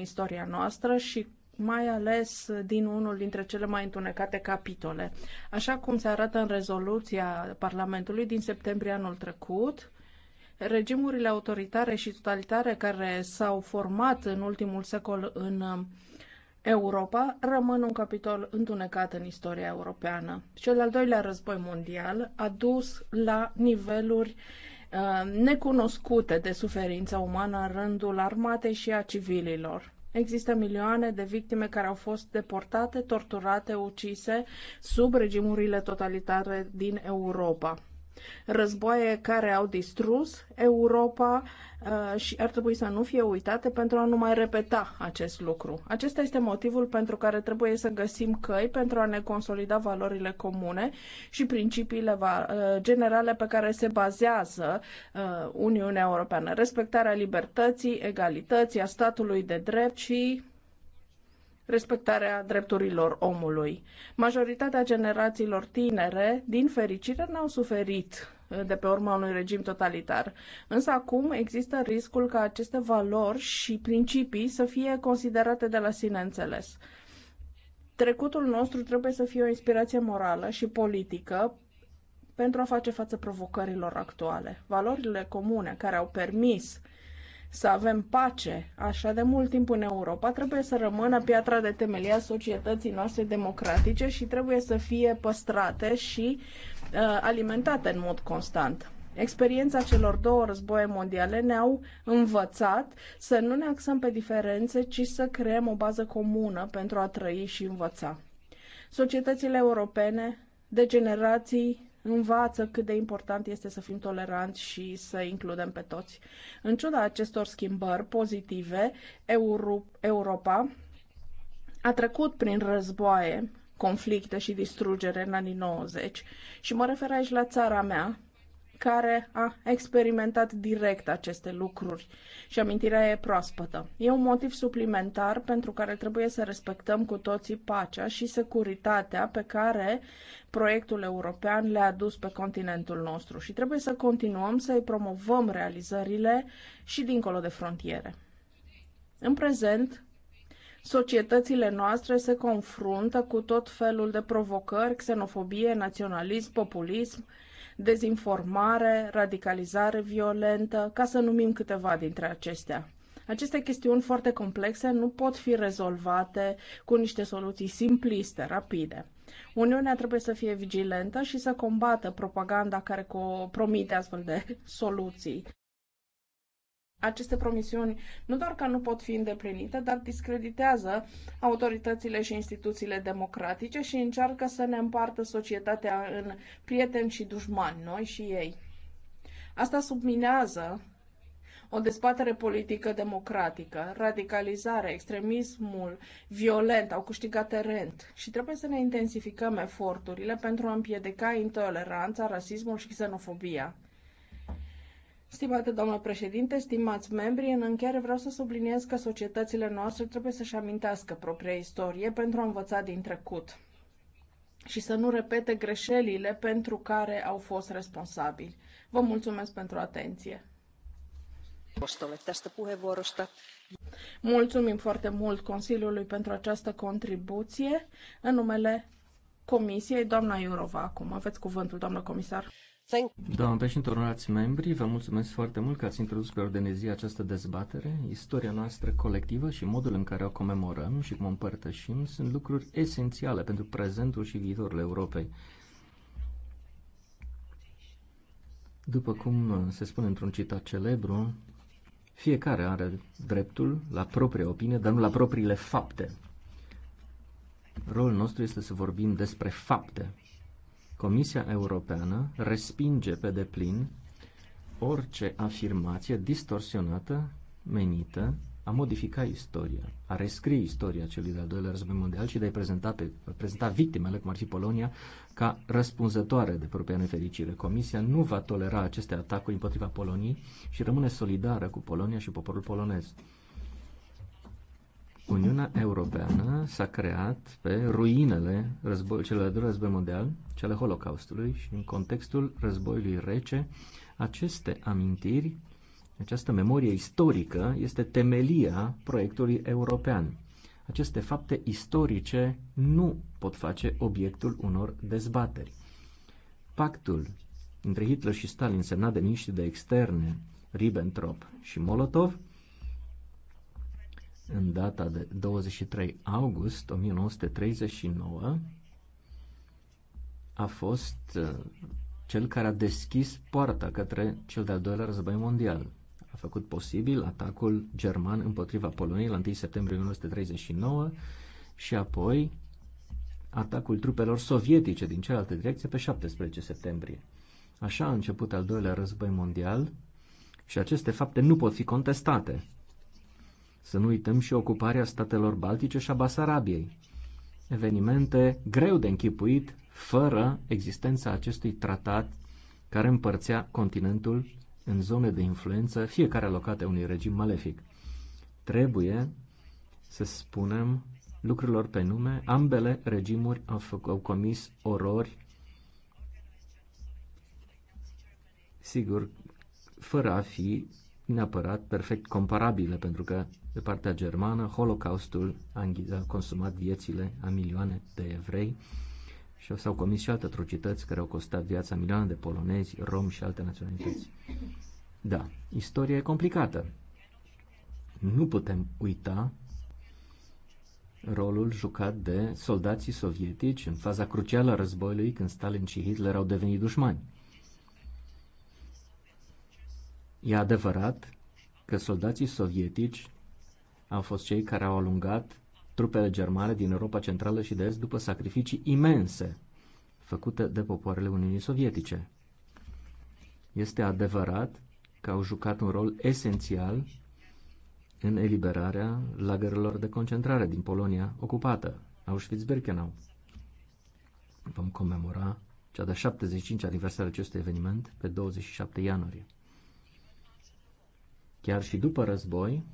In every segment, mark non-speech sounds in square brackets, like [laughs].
istoria noastră și mai ales din unul dintre cele mai întunecate capitole. Așa cum se arată în rezoluția Parlamentului din septembrie anul trecut, regimurile autoritare și totalitare care s-au format în ultimul secol în Europa rămân un capitol întunecat în istoria europeană. Cel al doilea război mondial a dus la niveluri uh, Uh, necunoscute de suferința umană în rândul armatei și a civililor. Există milioane de victime care au fost deportate, torturate, ucise sub regimurile totalitare din Europa. Războaie care au distrus Europa uh, și ar trebui să nu fie uitate pentru a nu mai repeta acest lucru. Acesta este motivul pentru care trebuie să găsim căi pentru a ne consolida valorile comune și principiile uh, generale pe care se bazează uh, Uniunea Europeană. Respectarea libertății, egalității, a statului de drept și respectarea drepturilor omului. Majoritatea generațiilor tinere, din fericire, n-au suferit uh, de pe urma unui regim totalitar. Însă acum există riscul ca aceste valori și principii să fie considerate de la sine înțeles. Trecutul nostru trebuie să fie o inspirație morală și politică pentru a face față provocărilor actuale. Valorile comune care au permis uh, să avem pace așa de mult timp în Europa, trebuie să rămână piatra de temelie a societății noastre democratice și trebuie să fie păstrate și uh, alimentate în mod constant. Experiența celor două războaie mondiale ne-au învățat să nu ne axăm pe diferențe, ci să creăm o bază comună pentru a trăi și învăța. Societățile europene de generații învață cât de important este să fim toleranți și să includem pe toți. În ciuda acestor schimbări pozitive, Europa a trecut prin războaie, conflicte și distrugere în anii 90 și mă refer aici la țara mea, care a experimentat direct aceste lucruri și amintirea e proaspătă. E un motiv suplimentar pentru care trebuie să respectăm cu toții pacea și securitatea pe care proiectul european le-a adus pe continentul nostru și trebuie să continuăm să-i promovăm realizările și dincolo de frontiere. În prezent, societățile noastre se confruntă cu tot felul de provocări, xenofobie, naționalism, populism, dezinformare, radicalizare violentă, ca să numim câteva dintre acestea. Aceste chestiuni foarte complexe nu pot fi rezolvate cu niște soluții simpliste, rapide. Uniunea trebuie să fie vigilentă și să combată propaganda care promite astfel de [laughs] soluții aceste promisiuni nu doar că nu pot fi îndeplinite, dar discreditează autoritățile și instituțiile democratice și încearcă să ne împartă societatea în prieteni și dușmani, noi și ei. Asta subminează o dezbatere politică democratică, radicalizare, extremismul violent au câștigat teren și trebuie să ne intensificăm eforturile pentru a împiedica intoleranța, rasismul și xenofobia. Stimate domnule președinte, stimați membri, în încheiere vreau să subliniez că societățile noastre trebuie să-și amintească propria istorie pentru a învăța din trecut și să nu repete greșelile pentru care au fost responsabili. Vă mulțumesc pentru atenție. Mulțumim foarte mult Consiliului pentru această contribuție. În numele Comisiei, doamna Iurova, acum aveți cuvântul, doamnă comisar. Doamna președinte, onorați membri, vă mulțumesc foarte mult că ați introdus pe ordine zi această dezbatere. Istoria noastră colectivă și modul în care o comemorăm și cum o împărtășim sunt lucruri esențiale pentru prezentul și viitorul Europei. După cum se spune într-un citat celebru, fiecare are dreptul la propria opinie, dar nu la propriile fapte. Rolul nostru este să vorbim despre fapte, Comisia Europeană respinge pe deplin orice afirmație distorsionată menită a modifica istoria, a rescrie istoria celui de-al doilea război mondial și de a-i prezenta, pe, a prezenta victimele, cum ar fi Polonia, ca răspunzătoare de propria nefericire. Comisia nu va tolera aceste atacuri împotriva Poloniei și rămâne solidară cu Polonia și poporul polonez. Uniunea Europeană s-a creat pe ruinele război, celor de război mondial, cele Holocaustului și în contextul războiului rece, aceste amintiri, această memorie istorică este temelia proiectului european. Aceste fapte istorice nu pot face obiectul unor dezbateri. Pactul între Hitler și Stalin semnat de miniștri de externe Ribbentrop și Molotov în data de 23 august 1939 a fost uh, cel care a deschis poarta către cel de-al doilea război mondial. A făcut posibil atacul german împotriva Poloniei la 1 septembrie 1939 și apoi atacul trupelor sovietice din cealaltă direcție pe 17 septembrie. Așa a început al doilea război mondial și aceste fapte nu pot fi contestate. Să nu uităm și ocuparea statelor baltice și a Basarabiei. Evenimente greu de închipuit fără existența acestui tratat care împărțea continentul în zone de influență, fiecare alocate unui regim malefic. Trebuie să spunem lucrurilor pe nume, ambele regimuri au, au comis orori, sigur, fără a fi neapărat perfect comparabile, pentru că pe partea germană Holocaustul a, consumat viețile a milioane de evrei și s-au comis și alte atrocități care au costat viața milioane de polonezi, romi și alte naționalități. Da, istoria e complicată. Nu putem uita rolul jucat de soldații sovietici în faza crucială a războiului când Stalin și Hitler au devenit dușmani E adevărat că soldații sovietici au fost cei care au alungat trupele germane din Europa Centrală și de Est după sacrificii imense făcute de popoarele Uniunii Sovietice. Este adevărat că au jucat un rol esențial în eliberarea lagărelor de concentrare din Polonia ocupată, Auschwitz-Birkenau. Vom comemora cea de 75 aniversare acestui eveniment pe 27 ianuarie. Chiar și după război,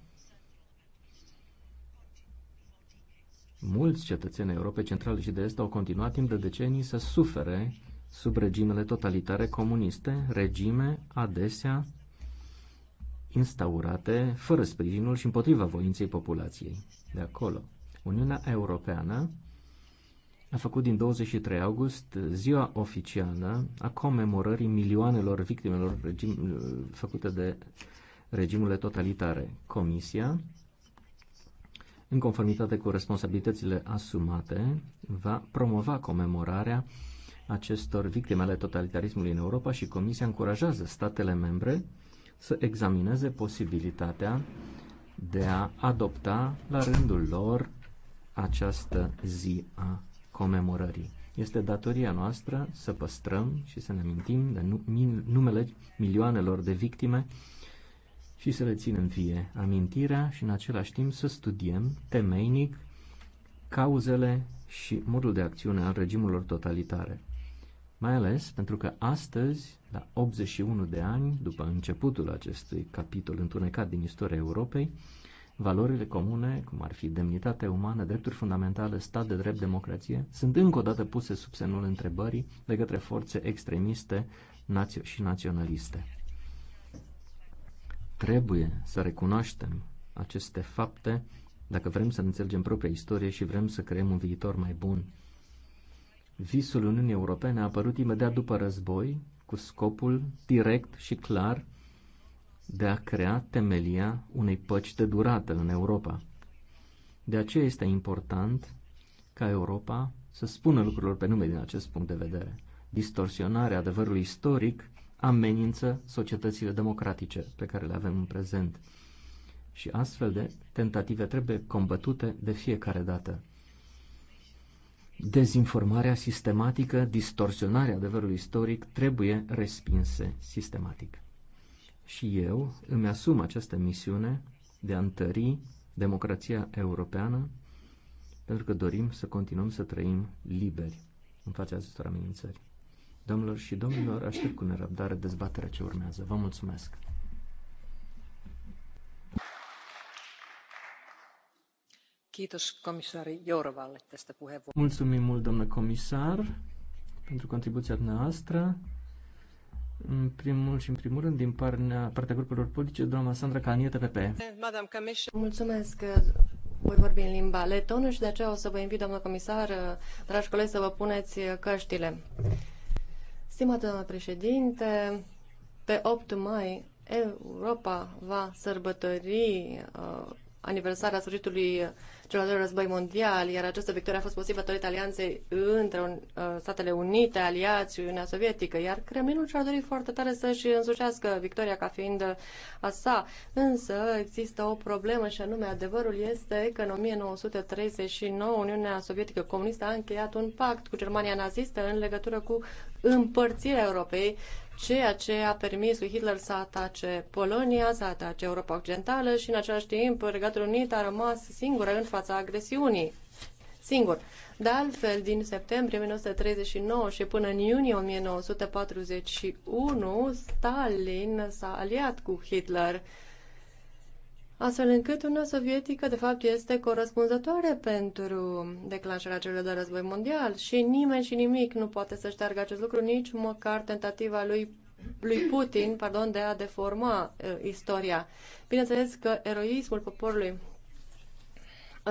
mulți cetățeni Europei Centrale și de Est au continuat timp de decenii să sufere sub regimele totalitare comuniste, regime adesea instaurate fără sprijinul și împotriva voinței populației de acolo. Uniunea Europeană a făcut din 23 august ziua oficială a comemorării milioanelor victimelor regim, făcute de regimurile totalitare. Comisia, în conformitate cu responsabilitățile asumate, va promova comemorarea acestor victime ale totalitarismului în Europa și Comisia încurajează statele membre să examineze posibilitatea de a adopta la rândul lor această zi a comemorării. Este datoria noastră să păstrăm și să ne amintim de numele milioanelor de victime și să ținem vie, amintirea și în același timp să studiem temeinic cauzele și modul de acțiune al regimurilor totalitare. Mai ales pentru că astăzi, la 81 de ani după începutul acestui capitol întunecat din istoria Europei, valorile comune, cum ar fi demnitatea umană, drepturi fundamentale, stat de drept, democrație, sunt încă o dată puse sub semnul întrebării de către forțe extremiste și naționaliste. Trebuie să recunoaștem aceste fapte dacă vrem să înțelegem propria istorie și vrem să creăm un viitor mai bun. Visul Uniunii Europene a apărut imediat după război cu scopul direct și clar de a crea temelia unei păci de durată în Europa. De aceea este important ca Europa să spună lucrurilor pe nume din acest punct de vedere. Distorsionarea adevărului istoric amenință societățile democratice pe care le avem în prezent. Și astfel de tentative trebuie combătute de fiecare dată. Dezinformarea sistematică, distorsionarea adevărului istoric trebuie respinse sistematic. Și eu îmi asum această misiune de a întări democrația europeană pentru că dorim să continuăm să trăim liberi în fața acestor amenințări. Domnilor și domnilor, aștept cu nerăbdare dezbaterea ce urmează. Vă mulțumesc! Mulțumim mult, domnule comisar, pentru contribuția noastră. În primul și în primul rând, din partea, partea grupurilor politice, doamna Sandra Calniete, PP. Mulțumesc, că voi vorbi în limba letonă și de aceea o să vă invit, doamnă comisar, dragi colegi, să vă puneți căștile. Stimată doamnă președinte, pe 8 mai Europa va sărbători uh, Aniversarea sfârșitului celor doi război mondial, iar această victorie a fost posibilă datorită alianței între uh, Statele Unite, aliați, Uniunea Sovietică, iar Kremlinul și-a dorit foarte tare să-și însușească victoria ca fiind uh, a sa. Însă există o problemă și anume adevărul este că în 1939 Uniunea Sovietică Comunistă a încheiat un pact cu Germania nazistă în legătură cu împărțirea Europei ceea ce a permis lui Hitler să atace Polonia, să atace Europa Occidentală și în același timp Regatul Unit a rămas singură în fața agresiunii. Singur. De altfel, din septembrie 1939 și până în iunie 1941, Stalin s-a aliat cu Hitler astfel încât Uniunea Sovietică, de fapt, este corespunzătoare pentru declanșarea celor de război mondial și nimeni și nimic nu poate să șteargă acest lucru, nici măcar tentativa lui lui Putin, pardon, de a deforma uh, istoria. Bineînțeles că eroismul poporului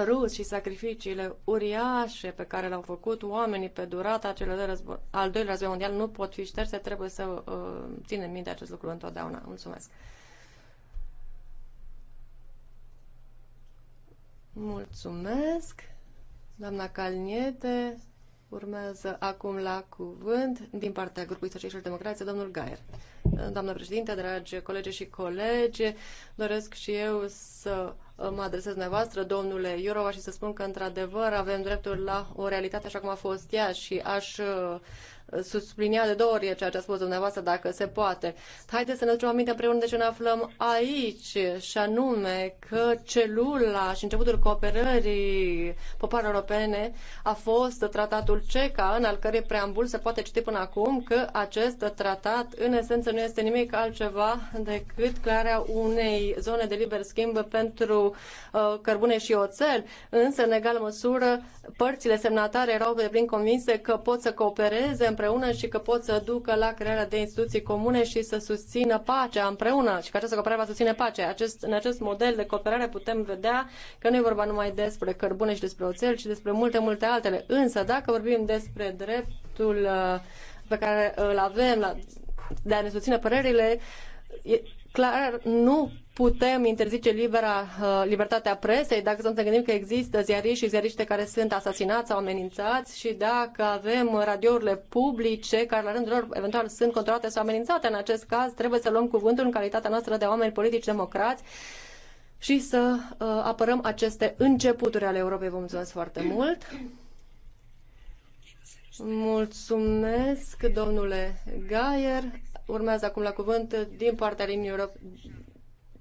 rus și sacrificiile uriașe pe care le-au făcut oamenii pe durata celor de război, al doilea război mondial nu pot fi șterse, trebuie să uh, ținem minte acest lucru întotdeauna. Mulțumesc! Mulțumesc. Doamna Calniete urmează acum la cuvânt din partea grupului Socialiștilor Democrație, domnul Gaier. Doamna președinte, dragi colegi și colegi, doresc și eu să mă adresez dumneavoastră, domnule Iorova, și să spun că, într-adevăr, avem dreptul la o realitate așa cum a fost ea și aș sublinia de două ori ceea ce a spus dumneavoastră, dacă se poate. Haideți să ne ducem aminte împreună de ce ne aflăm aici, și anume că celula și începutul cooperării popoarelor europene a fost tratatul CECA, în al cărei preambul se poate citi până acum că acest tratat, în esență, nu este nimic altceva decât crearea unei zone de liber schimb pentru uh, cărbune și oțel, însă, în egală măsură, părțile semnatare erau de plin convinse că pot să coopereze împreună și că pot să ducă la crearea de instituții comune și să susțină pacea împreună și că această cooperare va susține pacea. Acest, în acest model de cooperare putem vedea că nu e vorba numai despre cărbune și despre oțel, ci despre multe, multe altele. Însă, dacă vorbim despre dreptul uh, pe care îl avem la, de a ne susține părerile, e clar, nu putem interzice libera, uh, libertatea presei, dacă să ne gândim că există ziariști și ziariște care sunt asasinați sau amenințați și dacă avem radiourile publice care la rândul lor eventual sunt controlate sau amenințate, în acest caz trebuie să luăm cuvântul în calitatea noastră de oameni politici democrați și să uh, apărăm aceste începuturi ale Europei. Vă mulțumesc foarte mult! Mulțumesc, domnule Gaier. Urmează acum la cuvânt din partea Uniunii Europene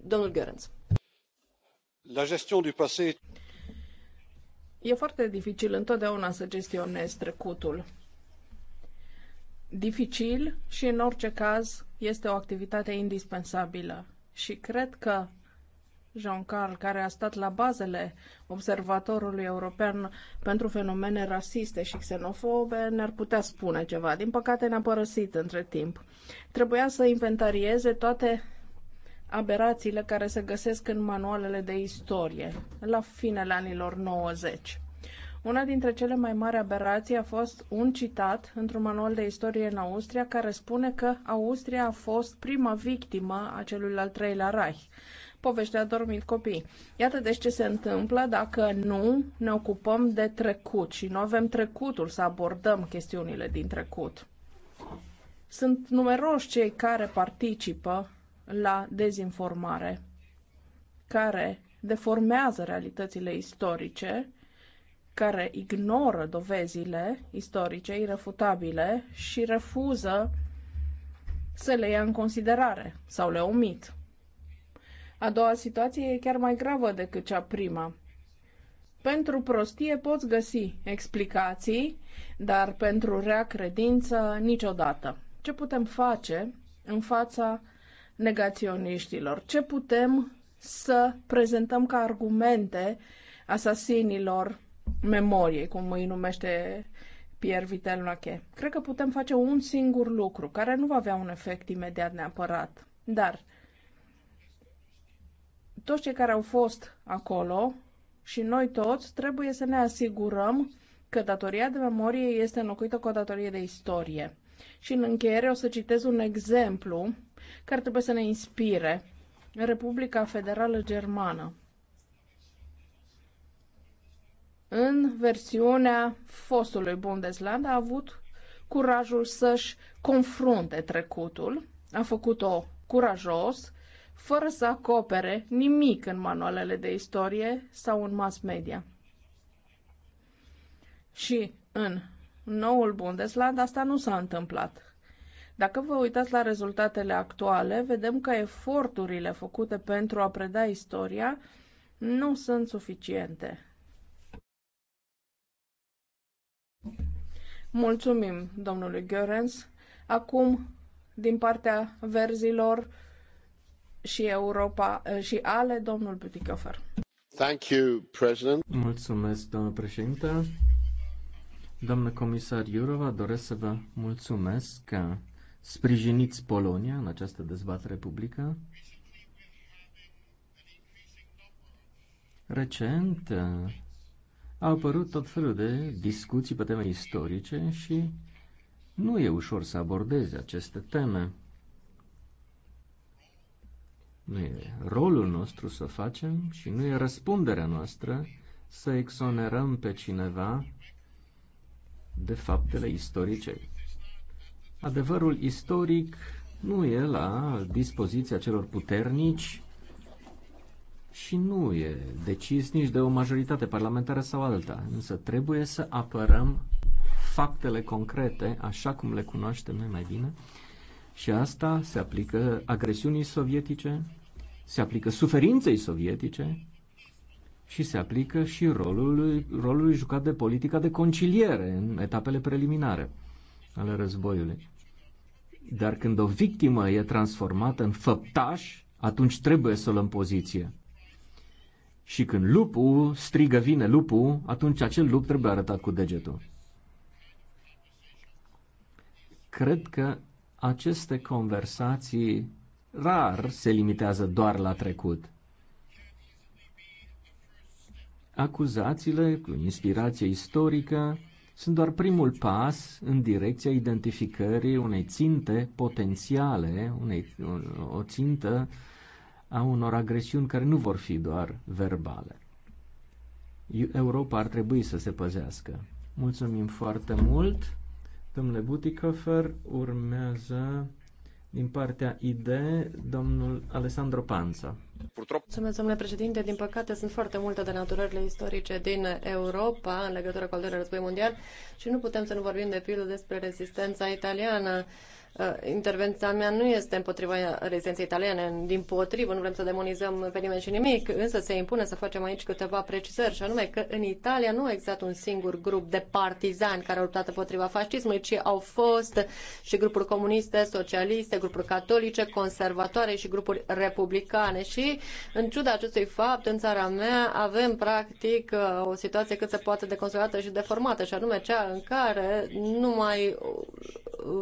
Domnul La E foarte dificil întotdeauna să gestionezi trecutul. Dificil și, în orice caz, este o activitate indispensabilă. Și cred că Jean Carl, care a stat la bazele Observatorului European pentru fenomene rasiste și xenofobe, ne-ar putea spune ceva. Din păcate ne-a părăsit între timp. Trebuia să inventarieze toate aberațiile care se găsesc în manualele de istorie, la finele anilor 90. Una dintre cele mai mari aberații a fost un citat într-un manual de istorie în Austria care spune că Austria a fost prima victimă a celui al treilea Reich. Poveștea dormit copii. Iată deci ce se întâmplă dacă nu ne ocupăm de trecut și nu avem trecutul să abordăm chestiunile din trecut. Sunt numeroși cei care participă la dezinformare, care deformează realitățile istorice, care ignoră dovezile istorice irefutabile și refuză să le ia în considerare sau le omit. A doua situație e chiar mai gravă decât cea prima. Pentru prostie poți găsi explicații, dar pentru rea credință niciodată. Ce putem face în fața negaționiștilor? Ce putem să prezentăm ca argumente asasinilor memoriei, cum îi numește Pierre Vitel Noche? Cred că putem face un singur lucru, care nu va avea un efect imediat neapărat, dar toți cei care au fost acolo și noi toți trebuie să ne asigurăm că datoria de memorie este înlocuită cu o datorie de istorie. Și în încheiere o să citez un exemplu care trebuie să ne inspire. Republica Federală Germană. În versiunea fostului Bundesland a avut curajul să-și confrunte trecutul, a făcut-o curajos, fără să acopere nimic în manualele de istorie sau în mass media. Și în noul Bundesland asta nu s-a întâmplat. Dacă vă uitați la rezultatele actuale, vedem că eforturile făcute pentru a preda istoria nu sunt suficiente. Mulțumim domnului Görens. Acum, din partea verzilor și Europa și ale, domnul Butikofer. Thank you, President. Mulțumesc, domnul președinte. Doamnă comisar Iurova, doresc să vă mulțumesc că sprijiniți Polonia în această dezbatere publică. Recent uh, au apărut tot felul de discuții pe teme istorice și nu e ușor să abordezi aceste teme. Nu e rolul nostru să facem și nu e răspunderea noastră să exonerăm pe cineva de faptele istorice. Adevărul istoric nu e la dispoziția celor puternici și nu e decis nici de o majoritate parlamentară sau alta, însă trebuie să apărăm faptele concrete, așa cum le cunoaștem noi mai bine, și asta se aplică agresiunii sovietice, se aplică suferinței sovietice, și se aplică și rolul, rolul jucat de politica de conciliere în etapele preliminare ale războiului. Dar când o victimă e transformată în făptaș, atunci trebuie să o luăm poziție. Și când lupul strigă vine lupul, atunci acel lup trebuie arătat cu degetul. Cred că aceste conversații rar se limitează doar la trecut. Acuzațiile, cu inspirație istorică, sunt doar primul pas în direcția identificării unei ținte potențiale, unei, o țintă a unor agresiuni care nu vor fi doar verbale. Europa ar trebui să se păzească. Mulțumim foarte mult. Domnule Butikofer, urmează din partea ID, domnul Alessandro Panza. Mulțumesc, domnule președinte. Din păcate, sunt foarte multe de naturările istorice din Europa în legătură cu al doilea război mondial și nu putem să nu vorbim de pildă despre rezistența italiană Uh, intervenția mea nu este împotriva rezidenței italiene, din potrivă, nu vrem să demonizăm pe nimeni și nimic, însă se impune să facem aici câteva precizări, și anume că în Italia nu a existat un singur grup de partizani care au luptat împotriva fascismului, ci au fost și grupuri comuniste, socialiste, grupuri catolice, conservatoare și grupuri republicane. Și, în ciuda acestui fapt, în țara mea avem, practic, uh, o situație cât se poate de și deformată, și anume cea în care numai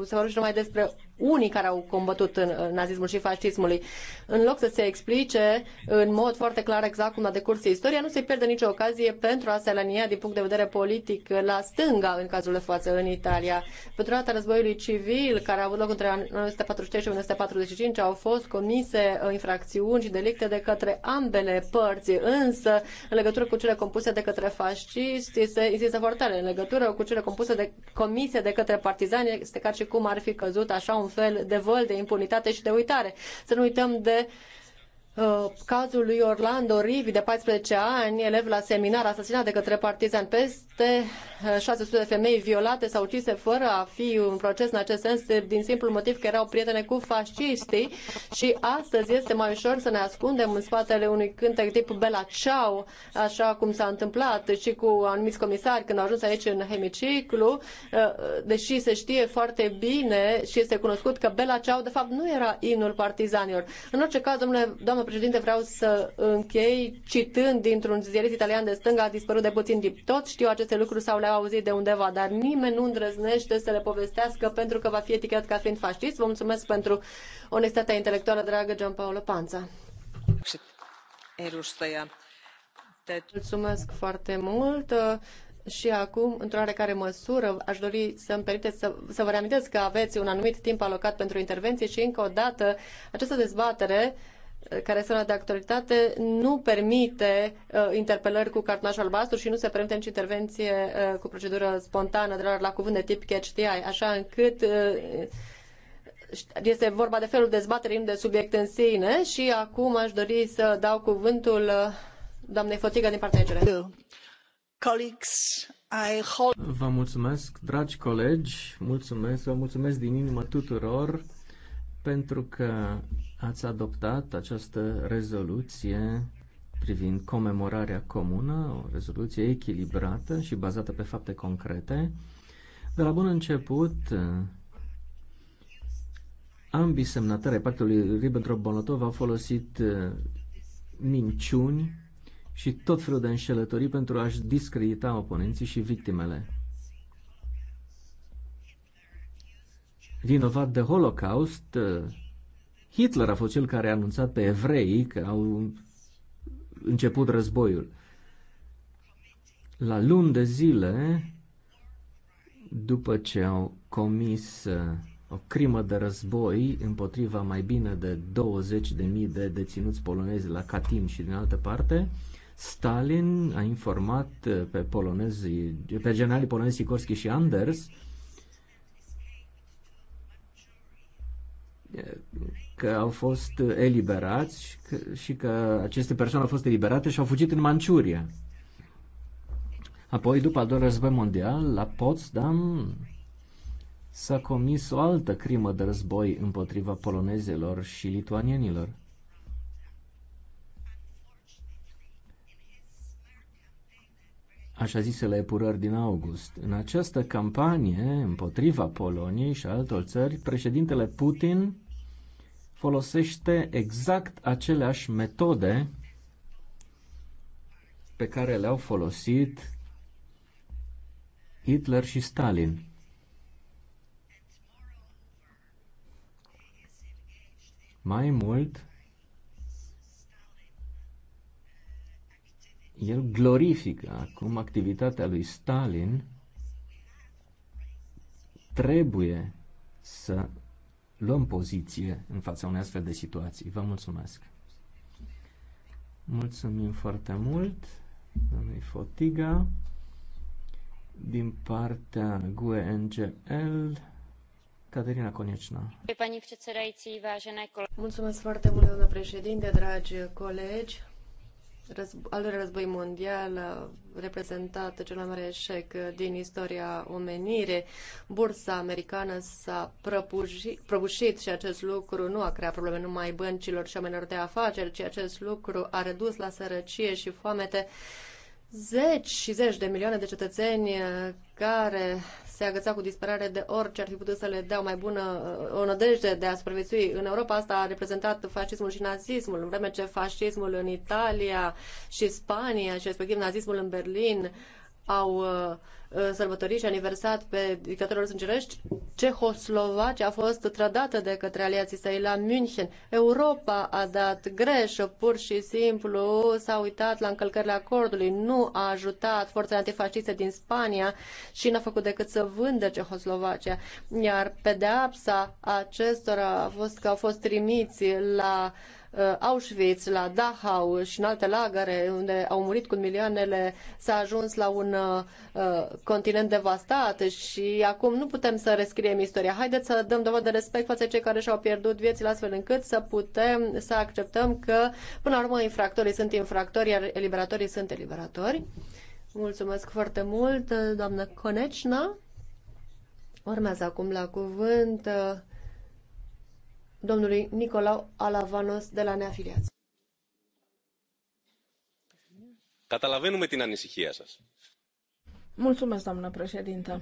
să vorbim numai despre unii care au combătut nazismul și fascismului. În loc să se explice în mod foarte clar exact cum a decurs istoria, nu se pierde nicio ocazie pentru a se alinia din punct de vedere politic la stânga în cazul de față în Italia. pentru data războiului civil care a avut loc între 1943 și 1945 au fost comise uh, infracțiuni și delicte de către ambele părți, însă în legătură cu cele compuse de către fasciști se insistă foarte tare. În legătură cu cele compuse de comise de către partizani este ca și cum ar fi căzut așa un fel de văl de impunitate și de uitare. Să nu uităm de Uh, cazul lui Orlando Rivi de 14 ani, elev la seminar asasinat de către partizan, peste 600 uh, de femei violate sau ucise fără a fi un proces în acest sens din simplul motiv că erau prietene cu fasciștii și astăzi este mai ușor să ne ascundem în spatele unui cântec tip Bella Ciao, așa cum s-a întâmplat și cu anumiți comisari când au ajuns aici în hemiciclu, uh, deși se știe foarte bine și este cunoscut că Bella Ciao de fapt nu era inul partizanilor. În orice caz, domnule, doamnă Doamnă președinte, vreau să închei citând dintr-un ziarist italian de stânga, a dispărut de puțin din tot, știu aceste lucruri sau le-au auzit de undeva, dar nimeni nu îndrăznește să le povestească pentru că va fi etichetat ca fiind fascist. Vă mulțumesc pentru onestatea intelectuală, dragă Gian Paolo Panza. Mulțumesc foarte mult. Și acum, într-o oarecare măsură, aș dori să-mi permiteți să, să vă reamintesc că aveți un anumit timp alocat pentru intervenție și, încă o dată, această dezbatere care sunt de actualitate nu permite uh, interpelări cu cartonaș albastru și nu se permite nici intervenție uh, cu procedură spontană de la, la cuvânt de tip catch the eye, așa încât uh, este vorba de felul dezbaterii, nu de subiect în sine și acum aș dori să dau cuvântul uh, doamnei Fotiga din partea ECR. Vă mulțumesc, dragi colegi, mulțumesc, vă mulțumesc din inimă tuturor pentru că ați adoptat această rezoluție privind comemorarea comună, o rezoluție echilibrată și bazată pe fapte concrete. De la bun început, ambii semnatari ai pactului ribbentrop bolotov au folosit uh, minciuni și tot felul de înșelătorii pentru a-și discredita oponenții și victimele. Vinovat de Holocaust, uh, Hitler a fost cel care a anunțat pe evrei că au început războiul. La luni de zile, după ce au comis uh, o crimă de război împotriva mai bine de 20.000 de deținuți polonezi la Katyn și din altă parte, Stalin a informat uh, pe, polonezii, pe generalii polonezi Sikorski și Anders uh, că au fost eliberați și că aceste persoane au fost eliberate și au fugit în Manciuria. Apoi, după al doilea război mondial, la Potsdam s-a comis o altă crimă de război împotriva polonezelor și lituanienilor. așa zisele epurări din august. În această campanie împotriva Poloniei și altor țări, președintele Putin folosește exact aceleași metode pe care le-au folosit Hitler și Stalin. Mai mult, el glorifică acum activitatea lui Stalin. Trebuie să luăm poziție în fața unei astfel de situații. Vă mulțumesc! Mulțumim foarte mult, domnului Fotiga, din partea GUE NGL, Caterina Conecna. Mulțumesc foarte mult, doamnă președinte, dragi colegi războ- al doilea război mondial a reprezentat cel mai mare eșec din istoria omenirii. Bursa americană s-a prăbușit și acest lucru nu a creat probleme numai băncilor și oamenilor de afaceri, ci acest lucru a redus la sărăcie și foamete zeci și zeci de milioane de cetățeni uh, care se agăța cu disperare de orice ar fi putut să le dea o mai bună, o nădejde de a supraviețui. În Europa asta a reprezentat fascismul și nazismul, în vreme ce fascismul în Italia și Spania și respectiv nazismul în Berlin au uh, sărbătorit și aniversat pe dictatorul sângerești, Cehoslovacia a fost trădată de către aliații săi la München. Europa a dat greș, pur și simplu s-a uitat la încălcările acordului, nu a ajutat forțele antifasciste din Spania și n-a făcut decât să vândă Cehoslovacia. Iar pedeapsa acestora a fost că au fost trimiți la uh, Uh, Auschwitz, la Dachau și în alte lagăre unde au murit cu milioanele, s-a ajuns la un uh, continent devastat și acum nu putem să rescriem istoria. Haideți să dăm dovadă de respect față cei care și-au pierdut viețile astfel încât să putem să acceptăm că până la urmă infractorii sunt infractori, iar eliberatorii sunt eliberatori. Mulțumesc foarte mult, doamnă Conecna. Urmează acum la cuvânt uh, domnului Nicolau Alavanos de la Neafiliați. Καταλαβαίνουμε την ανησυχία σας. Mulțumesc, doamnă președintă.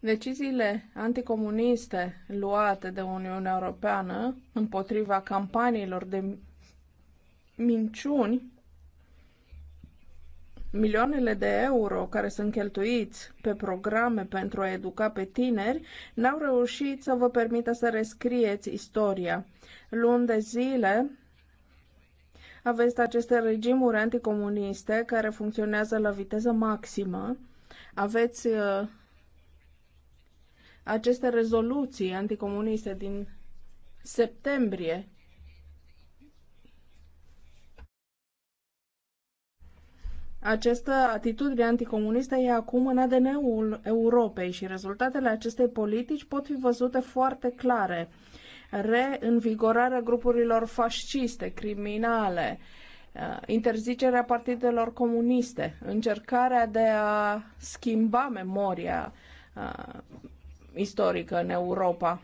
Deciziile anticomuniste luate de Uniunea Europeană împotriva campaniilor de minciuni Milioanele de euro care sunt cheltuiți pe programe pentru a educa pe tineri n-au reușit să vă permită să rescrieți istoria. Luni de zile aveți aceste regimuri anticomuniste care funcționează la viteză maximă. Aveți uh, aceste rezoluții anticomuniste din septembrie Această atitudine anticomunistă e acum în ADN-ul Europei și rezultatele acestei politici pot fi văzute foarte clare. Reînvigorarea grupurilor fasciste, criminale, uh, interzicerea partidelor comuniste, încercarea de a schimba memoria uh, istorică în Europa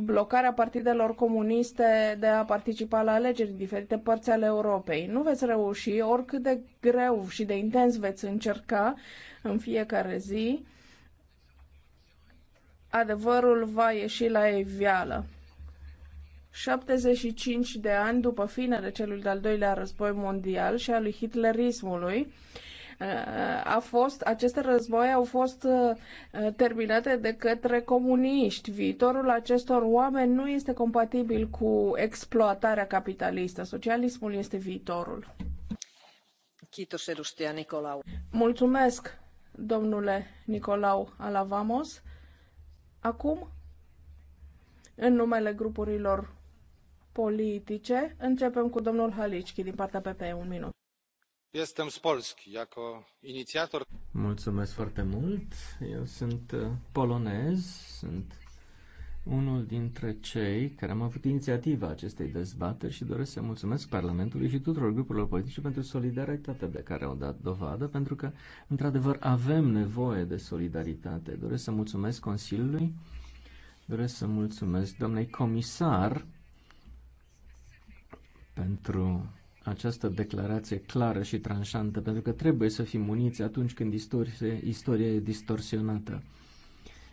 blocarea partidelor comuniste de a participa la alegeri în diferite părți ale Europei. Nu veți reuși, oricât de greu și de intens veți încerca în fiecare zi, adevărul va ieși la evială. 75 de ani după finele celui de-al doilea război mondial și al lui hitlerismului, a fost, aceste războaie au fost uh, terminate de către comuniști. Viitorul acestor oameni nu este compatibil cu exploatarea capitalistă. Socialismul este viitorul. Mulțumesc, domnule Nicolau Alavamos. Acum, în numele grupurilor politice, începem cu domnul Halicchi din partea PP. Un minut. Jestem z Polski, jako inicjator. Mulțumesc foarte mult. Eu sunt polonez, sunt unul dintre cei care am avut inițiativa acestei dezbateri și doresc să mulțumesc Parlamentului și tuturor grupurilor politice pentru solidaritatea de care au dat dovadă, pentru că, într-adevăr, avem nevoie de solidaritate. Doresc să mulțumesc Consiliului, doresc să mulțumesc doamnei comisar pentru această declarație clară și tranșantă, pentru că trebuie să fim uniți atunci când istorie, istoria e distorsionată.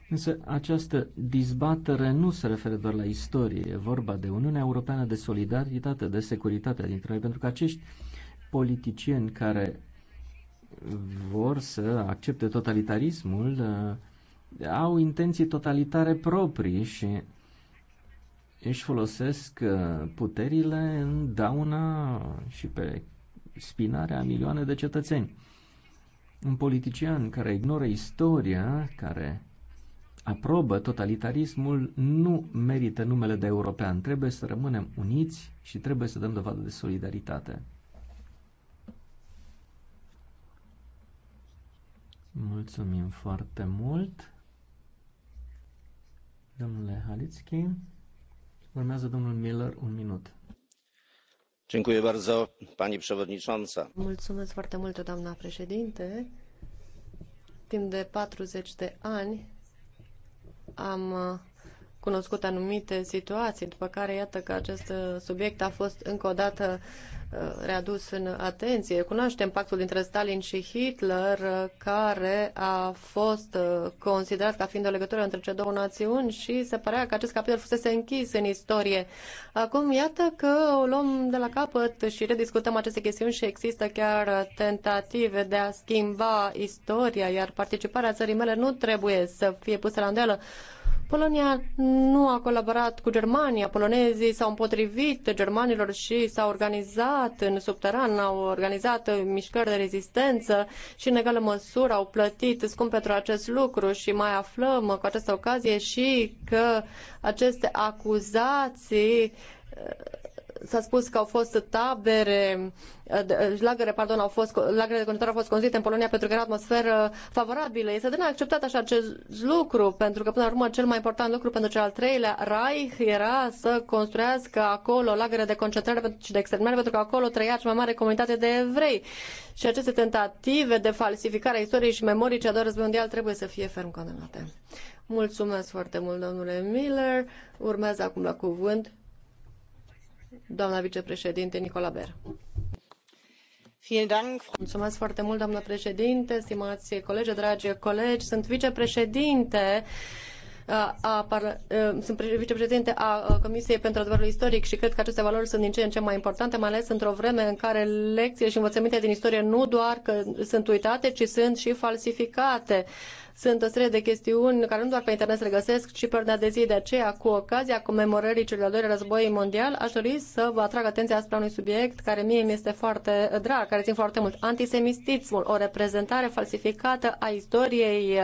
Însă această dizbatere nu se referă doar la istorie, e vorba de Uniunea Europeană de solidaritate, de securitate dintre noi, pentru că acești politicieni care vor să accepte totalitarismul uh, au intenții totalitare proprii și își folosesc uh, puterile în dauna și pe spinarea milioane de cetățeni. Un politician care ignoră istoria, care aprobă totalitarismul, nu merită numele de european. Trebuie să rămânem uniți și trebuie să dăm dovadă de solidaritate. Mulțumim foarte mult, domnule Halitschi. Urmează domnul Miller un minut. Dziękuję bardzo, pani przewodnicząca. Mulțumesc foarte mult, doamna președinte. Timp de 40 de ani am cunoscut anumite situații, după care iată că acest uh, subiect a fost încă o dată uh, readus în atenție. Cunoaștem pactul dintre Stalin și Hitler, uh, care a fost considerat ca fiind o legătură între cele două națiuni și se părea că acest capitol fusese închis în istorie. Acum, iată că o luăm de la capăt și rediscutăm aceste chestiuni și există chiar tentative de a schimba istoria, iar participarea țării mele nu trebuie să fie pusă la îndeală. Polonia nu a colaborat cu Germania. Polonezii s-au împotrivit germanilor și s-au organizat în subteran, au organizat mișcări de rezistență și în egală măsură au plătit scump pentru acest lucru și mai aflăm cu această ocazie și că aceste acuzații s-a spus că au fost tabere, lagăre, pardon, au fost, lagăre de concentrare au fost construite în Polonia pentru că era atmosferă favorabilă. Este de neacceptat așa acest lucru, pentru că până la urmă cel mai important lucru pentru cel al treilea Reich era să construiască acolo lagăre de concentrare și de exterminare, pentru că acolo trăia cea mai mare comunitate de evrei. Și aceste tentative de falsificare a istoriei și memorii cea de război mondial trebuie să fie ferm condamnate. Mulțumesc foarte mult, domnule Miller. Urmează acum la cuvânt doamna vicepreședinte Nicola Ber. Mulțumesc foarte mult, doamnă președinte, stimați colegi, dragi colegi. Sunt vicepreședinte uh, a, uh, sunt vicepreședinte a uh, Comisiei pentru Adevărul Istoric și cred că aceste valori sunt din ce în ce mai importante, mai ales într-o vreme în care lecțiile și învățămintele din istorie nu doar că sunt uitate, ci sunt și falsificate. Sunt o serie de chestiuni care nu doar pe internet se găsesc, ci pe ordinea de zi. De aceea, cu ocazia comemorării celui al doilea război mondial, aș dori să vă atrag atenția asupra unui subiect care mie mi este foarte drag, care țin foarte mult. Antisemitismul, o reprezentare falsificată a istoriei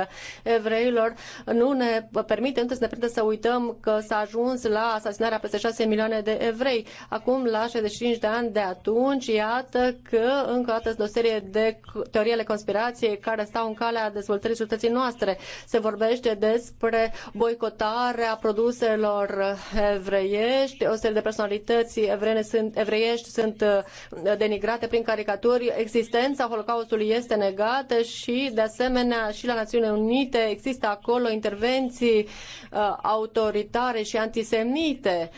evreilor, nu ne permite întâi să ne prinde să uităm că s-a ajuns la asasinarea peste 6 milioane de evrei. Acum, la 65 de ani de atunci, iată că încă o dată o serie de teorie ale conspirației care stau în calea dezvoltării societății noastre noastre. Se vorbește despre boicotarea produselor evreiești, o serie de personalități evrene sunt, evreiești sunt uh, denigrate prin caricaturi, existența Holocaustului este negată și, de asemenea, și la Națiunile Unite există acolo intervenții uh, autoritare și antisemite.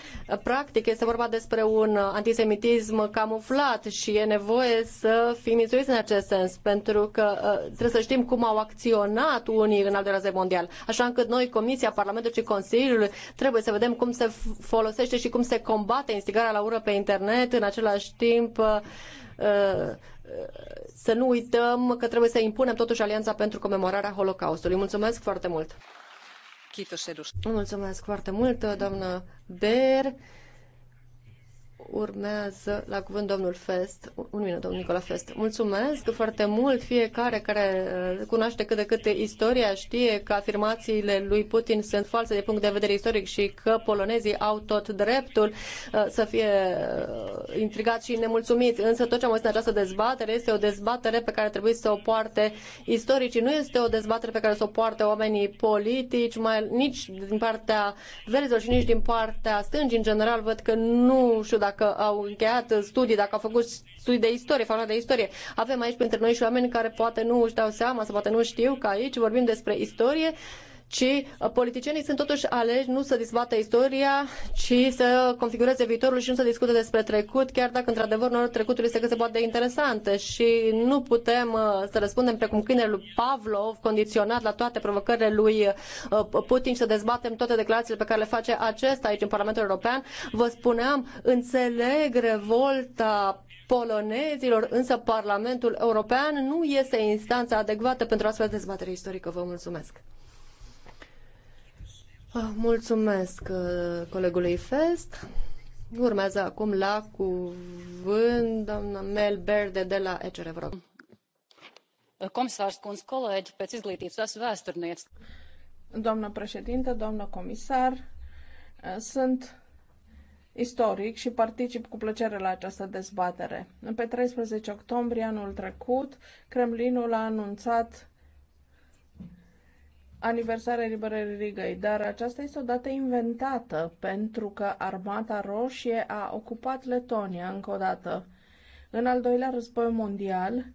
Practic, este vorba despre un antisemitism camuflat și e nevoie să fim instruiți în acest sens, pentru că uh, trebuie să știm cum au acționat unii în al doilea război mondial. Așa încât noi, Comisia, Parlamentul și Consiliul, trebuie să vedem cum se folosește și cum se combate instigarea la ură pe internet, în același timp uh, uh, să nu uităm că trebuie să impunem totuși Alianța pentru comemorarea Holocaustului. Mulțumesc foarte mult! Mulțumesc foarte mult, doamnă Ber. Urmează la cuvânt domnul Fest. Un minut, domnul Nicola Fest. Mulțumesc foarte mult. Fiecare care uh, cunoaște cât de cât istoria știe că afirmațiile lui Putin sunt false de punct de vedere istoric și că polonezii au tot dreptul uh, să fie uh, intrigați și nemulțumiți. Însă tot ce am văzut în această dezbatere este o dezbatere pe care trebuie să o poarte istoricii. Nu este o dezbatere pe care să o poarte oamenii politici, mai, nici din partea verzilor și nici din partea stângii. În general, văd că nu știu dacă dacă au încheiat studii, dacă au făcut studii de istorie, fără de istorie. Avem aici printre noi și oameni care poate nu își dau seama sau poate nu știu că aici vorbim despre istorie ci uh, politicienii sunt totuși aleși nu să dezbată istoria, ci să configureze viitorul și nu să discute despre trecut, chiar dacă într-adevăr unor trecutul este că se poate de interesant și nu putem uh, să răspundem precum câinele lui Pavlov, condiționat la toate provocările lui uh, Putin și să dezbatem toate declarațiile pe care le face acesta aici în Parlamentul European. Vă spuneam, înțeleg revolta polonezilor, însă Parlamentul European nu este instanța adecvată pentru astfel de dezbatere istorică. Vă mulțumesc! Ah, mulțumesc uh, colegului Fest. Urmează acum la cuvânt doamna Mel Berde de la ECR, vă rog. Komisārs kundz, kolēģi, pēc izglītības esmu Doamna președintă, doamna comisar, uh, sunt istoric și particip cu plăcere la această dezbatere. Pe 13 octombrie anul trecut, Kremlinul a anunțat aniversarea eliberării Rigăi, dar aceasta este o dată inventată pentru că Armata Roșie a ocupat Letonia încă o dată. În al doilea război mondial,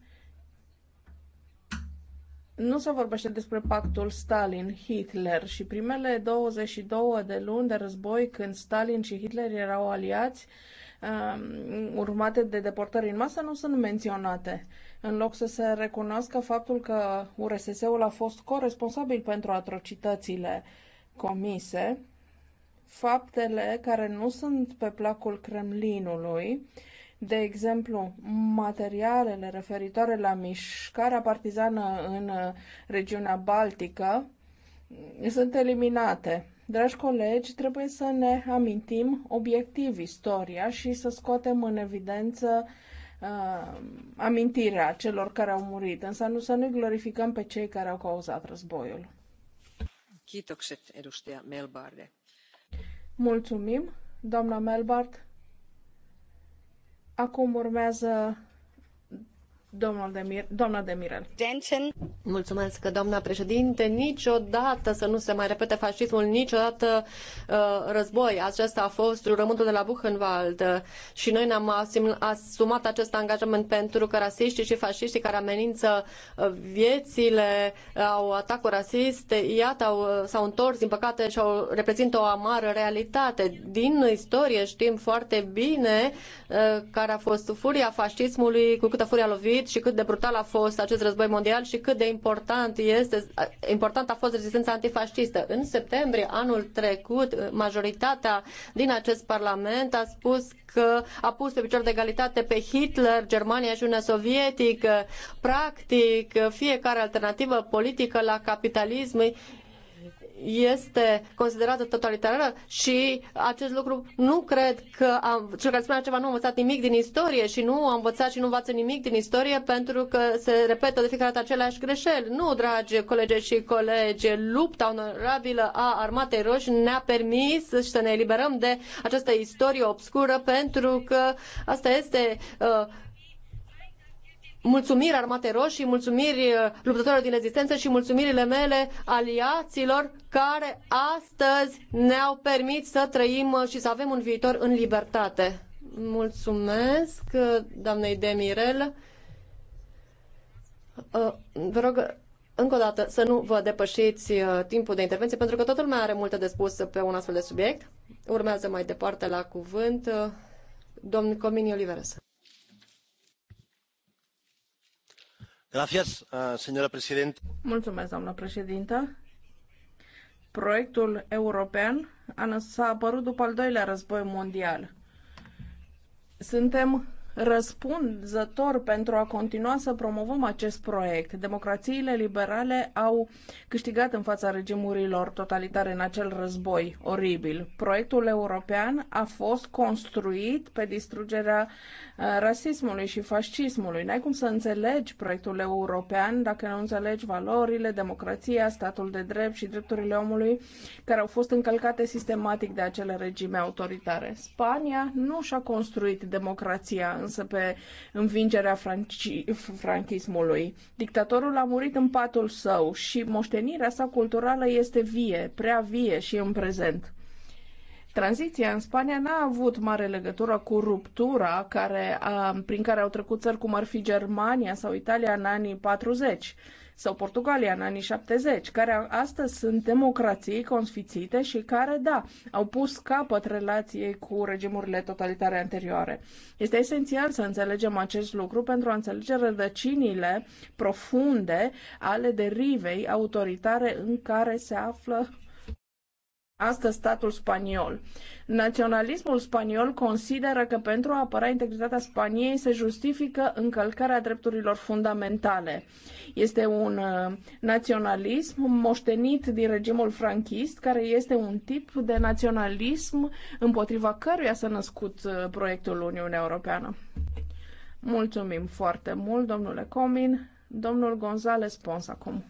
nu se vorbește despre pactul Stalin-Hitler și primele 22 de luni de război când Stalin și Hitler erau aliați, um, urmate de deportări în masă, nu sunt menționate în loc să se recunoască faptul că URSS-ul a fost corresponsabil pentru atrocitățile comise, faptele care nu sunt pe placul Kremlinului, de exemplu, materialele referitoare la mișcarea partizană în regiunea Baltică, sunt eliminate. Dragi colegi, trebuie să ne amintim obiectiv istoria și să scoatem în evidență uh, amintirea celor care au murit, însă nu să nu glorificăm pe cei care au cauzat războiul. Kiitokset, edustaja Melbarde. Mulțumim, doamna Melbart. Acum urmează Domnul Demir, doamna de Mirel. Mulțumesc, doamna președinte. Niciodată să nu se mai repete fascismul, niciodată uh, război. Acesta a fost jurământul de la Buchenwald și noi ne-am asumat acest angajament pentru că rasiștii și fasciștii care amenință uh, viețile, uh, au atacuri rasiste, iată, au, uh, s-au întors, din păcate, și au, reprezintă o amară realitate. Din istorie știm foarte bine uh, care a fost furia fascismului, cu câtă furia a lovit dorit și cât de brutal a fost acest război mondial și cât de important, este, important a fost rezistența antifascistă. În septembrie anul trecut, majoritatea din acest parlament a spus că a pus pe picior de egalitate pe Hitler, Germania și Uniunea Sovietică. Practic, fiecare alternativă politică la capitalism este considerată totalitară și acest lucru nu cred că am, cel care spune ceva nu a învățat nimic din istorie și nu a învățat și nu învață nimic din istorie pentru că se repetă de fiecare dată aceleași greșeli. Nu, dragi colegi și colegi, lupta onorabilă a armatei roșii ne-a permis să ne eliberăm de această istorie obscură pentru că asta este uh, mulțumiri Armatei Roșii, mulțumiri uh, luptătorilor din rezistență și mulțumirile mele aliaților care astăzi ne-au permis să trăim uh, și să avem un viitor în libertate. Mulțumesc, uh, doamnei Demirel. Vă rog încă o dată să nu vă depășiți timpul de intervenție, pentru că toată lumea are multe de spus pe un astfel de subiect. Urmează mai departe la cuvânt domnul Comini Oliveres. Uh, Mulțumesc, doamnă președintă. Proiectul european s-a apărut după al doilea război mondial. Suntem răspunzător pentru a continua să promovăm acest proiect. Democrațiile liberale au câștigat în fața regimurilor totalitare în acel război oribil. Proiectul european a fost construit pe distrugerea uh, rasismului și fascismului. N-ai cum să înțelegi proiectul european dacă nu înțelegi valorile, democrația, statul de drept și drepturile omului care au fost încălcate sistematic de acele regime autoritare. Spania nu și-a construit democrația strânsă pe învingerea franci- franchismului. Dictatorul a murit în patul său și moștenirea sa culturală este vie, prea vie și în prezent. Tranziția în Spania n-a avut mare legătură cu ruptura care, a, prin care au trecut țări cum ar fi Germania sau Italia în anii 40 sau Portugalia în anii 70, care astăzi sunt democrații consfițite și care, da, au pus capăt relației cu regimurile totalitare anterioare. Este esențial să înțelegem acest lucru pentru a înțelege rădăcinile profunde ale derivei autoritare în care se află astăzi statul spaniol. Naționalismul spaniol consideră că pentru a apăra integritatea Spaniei se justifică încălcarea drepturilor fundamentale. Este un uh, naționalism moștenit din regimul franchist, care este un tip de naționalism împotriva căruia s-a născut uh, proiectul Uniunea Europeană. Mulțumim foarte mult, domnule Comin. Domnul González Pons acum.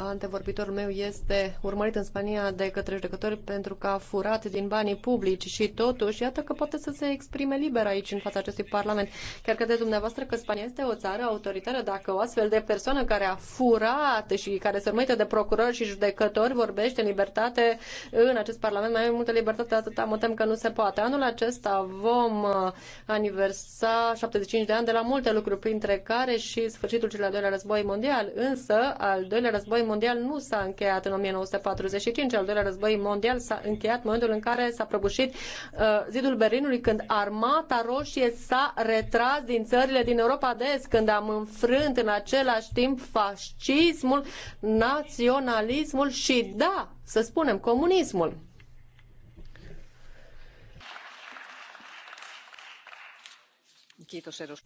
Antevorbitorul meu este urmărit în Spania de către judecători pentru că a furat din banii publici și totuși, iată că poate să se exprime liber aici în fața acestui Parlament. Chiar credeți dumneavoastră că Spania este o țară autoritară dacă o astfel de persoană care a furat și care se urmărită de procurori și judecători vorbește în libertate în acest Parlament, mai multă libertate atâta mă tem că nu se poate. Anul acesta vom uh, aniversa 75 de ani de la multe lucruri, printre care și sfârșitul celui de-al doilea război mondial mondial, însă al doilea război mondial nu s-a încheiat în 1945, al doilea război mondial s-a încheiat în momentul în care s-a prăbușit uh, zidul Berlinului, când armata roșie s-a retras din țările din Europa de Est, când am înfrânt în același timp fascismul, naționalismul și, da, să spunem, comunismul.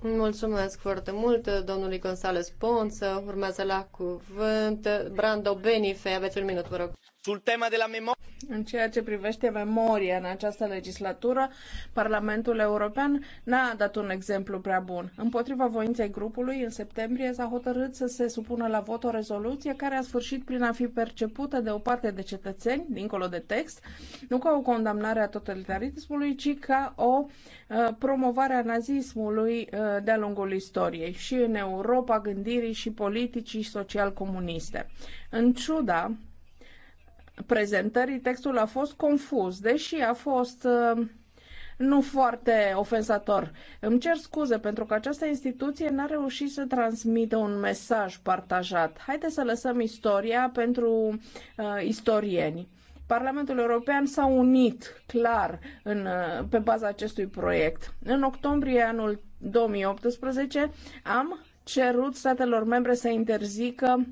Mulțumesc foarte mult, domnului González Pons. Urmează la cuvânt Brando Benife. Aveți un minut, vă rog. Sul tema memoria. În ceea ce privește memoria în această legislatură, Parlamentul European n-a dat un exemplu prea bun. Împotriva voinței grupului, în septembrie s-a hotărât să se supună la vot o rezoluție care a sfârșit prin a fi percepută de o parte de cetățeni, dincolo de text, nu ca o condamnare a totalitarismului, ci ca o uh, promovare a nazismului uh, de-a lungul istoriei și în Europa gândirii și politicii social-comuniste. În ciuda prezentării, textul a fost confuz, deși a fost uh, nu foarte ofensator. Îmi cer scuze pentru că această instituție n-a reușit să transmită un mesaj partajat. Haideți să lăsăm istoria pentru uh, istorieni. Parlamentul European s-a unit clar în, uh, pe baza acestui proiect. În octombrie anul 2018 am cerut statelor membre să interzică uh,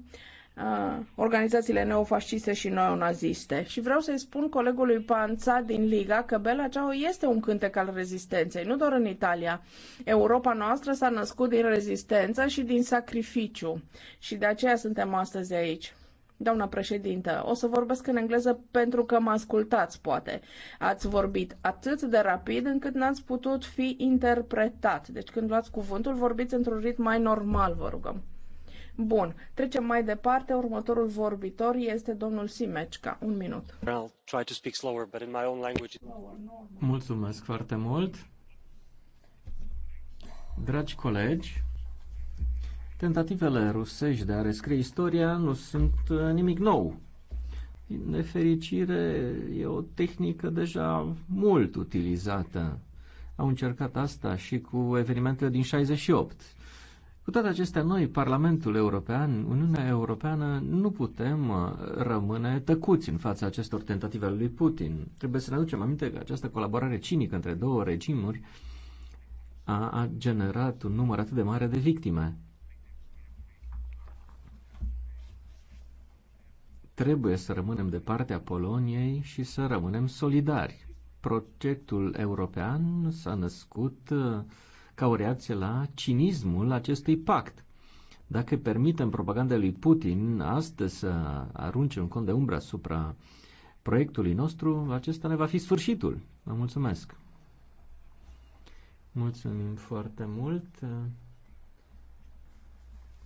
organizațiile neofasciste și neonaziste. Și vreau să-i spun colegului Panța din Liga că Bella Ciao este un cântec al rezistenței, nu doar în Italia. Europa noastră s-a născut din rezistență și din sacrificiu și de aceea suntem astăzi aici. Doamna președintă, o să vorbesc în engleză pentru că mă ascultați, poate. Ați vorbit atât de rapid încât n-ați putut fi interpretat. Deci când luați cuvântul, vorbiți într-un ritm mai normal, vă rugăm. Bun, trecem mai departe. Următorul vorbitor este domnul Simecica. Un minut. Mulțumesc foarte mult. Dragi colegi, tentativele rusești de a rescrie istoria nu sunt uh, nimic nou. În nefericire, e o tehnică deja mult utilizată. Au încercat asta și cu evenimentele din 68, cu toate acestea, noi, Parlamentul European, Uniunea Europeană, nu putem uh, rămâne tăcuți în fața acestor tentative ale lui Putin. Trebuie să ne aducem aminte că această colaborare cinică între două regimuri a, a generat un număr atât de mare de victime. Trebuie să rămânem de partea Poloniei și să rămânem solidari. Proiectul european s-a născut uh, ca o reacție la cinismul acestui pact. Dacă permitem propaganda lui Putin astăzi să arunce un cont de umbră asupra proiectului nostru, acesta ne va fi sfârșitul. Vă mulțumesc! Mulțumim foarte mult!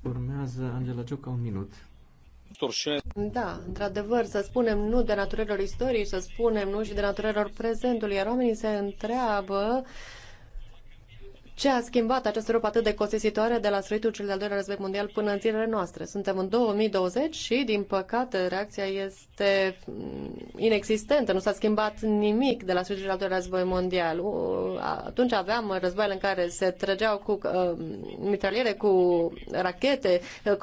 Urmează Angela Cioca un minut. Da, într-adevăr, să spunem nu de naturelor istoriei, să spunem nu și de naturelor prezentului, iar oamenii se întreabă uh, ce a schimbat această Europa atât de costisitoare de la sfârșitul cel de-al doilea război mondial până în zilele noastre? Suntem în 2020 și, din păcate, reacția este mm, inexistentă. Nu s-a schimbat nimic de la sfârșitul cel de-al doilea război mondial. Atunci aveam războaile în care se trăgeau cu uh, mitraliere, cu rachete,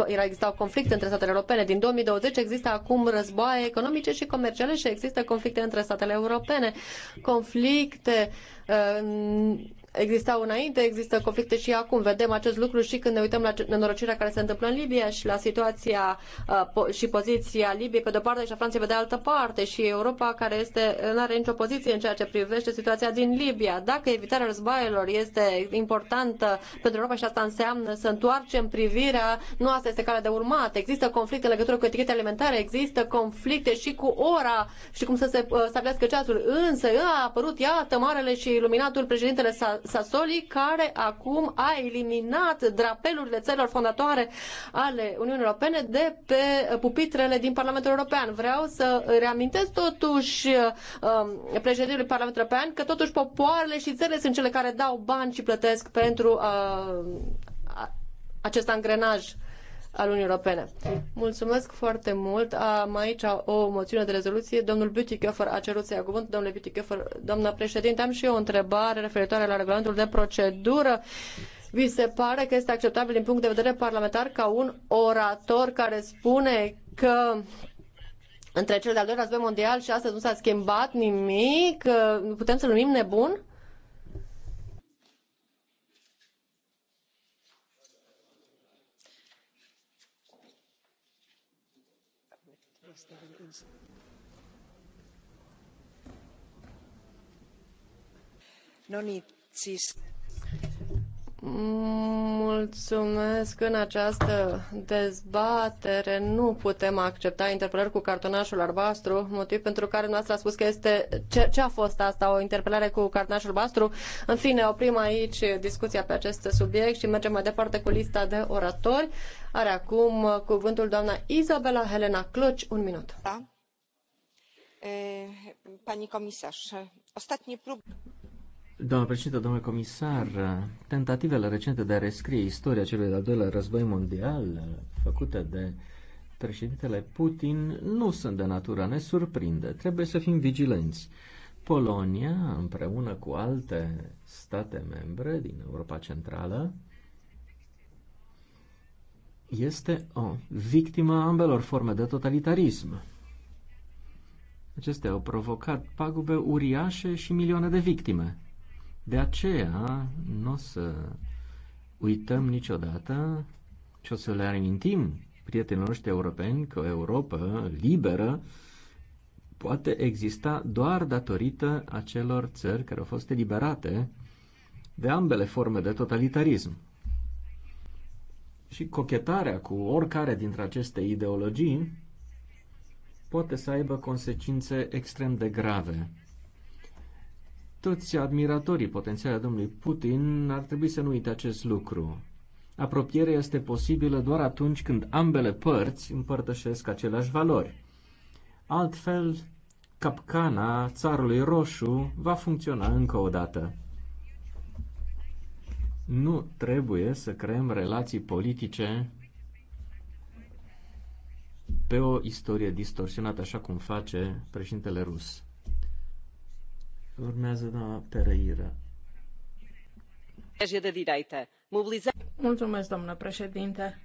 uh, existau conflicte între statele europene. Din 2020 există acum războaie economice și comerciale și există conflicte între statele europene. Conflicte uh, existau înainte, există conflicte și acum. Vedem acest lucru și când ne uităm la nenorocirea care se întâmplă în Libia și la situația uh, și poziția Libiei pe de-o parte și a Franței pe de altă parte și Europa care este, nu are nicio poziție în ceea ce privește situația din Libia. Dacă evitarea războaielor este importantă pentru Europa și asta înseamnă să întoarcem privirea, nu asta este calea de urmat. Există conflicte în legătură cu etichete alimentare, există conflicte și cu ora și cum să se uh, stabilească ceasul. Însă a apărut, iată, marele și iluminatul președintele Sassoli, care acum a eliminat drapelurile țărilor fondatoare ale Uniunii Europene de pe pupitrele din Parlamentul European. Vreau să reamintesc totuși um, președintele Parlamentului European că totuși popoarele și țările sunt cele care dau bani și plătesc pentru uh, acest angrenaj al Uniunii Europene. Mulțumesc foarte mult. Am aici o moțiune de rezoluție. Domnul Bütikofer a cerut să ia cuvânt. Domnule Bütikofer, doamna președinte, am și eu o întrebare referitoare la regulamentul de procedură. Vi se pare că este acceptabil din punct de vedere parlamentar ca un orator care spune că între cel de-al doilea război mondial și astăzi nu s-a schimbat nimic, putem să-l numim nebun? No niin, siis Mulțumesc. În această dezbatere nu putem accepta interpelări cu cartonașul albastru, motiv pentru care noastră a spus că este... Ce, ce a fost asta? O interpelare cu cartonașul albastru? În fine, oprim aici discuția pe acest subiect și mergem mai departe cu lista de oratori. Are acum cuvântul doamna Izabela Helena Cluci. Un minut. Da. E, pani comisar, ostatnie prób... Doamna președinte, domnule comisar, tentativele recente de a rescrie istoria celui de-al doilea război mondial făcute de președintele Putin nu sunt de natură ne surprinde. Trebuie să fim vigilenți. Polonia, împreună cu alte state membre din Europa Centrală, este o victimă a ambelor forme de totalitarism. Acestea au provocat pagube uriașe și milioane de victime. De aceea nu o să uităm niciodată și o să le amintim prietenilor noștri europeni că o Europa liberă poate exista doar datorită acelor țări care au fost eliberate de ambele forme de totalitarism. Și cochetarea cu oricare dintre aceste ideologii poate să aibă consecințe extrem de grave toți admiratorii potențiali a domnului Putin ar trebui să nu uite acest lucru. Apropierea este posibilă doar atunci când ambele părți împărtășesc aceleași valori. Altfel, capcana țarului roșu va funcționa încă o dată. Nu trebuie să creăm relații politice pe o istorie distorsionată, așa cum face președintele rus. Urmează doamna Pereira. Mulțumesc, domnule președinte.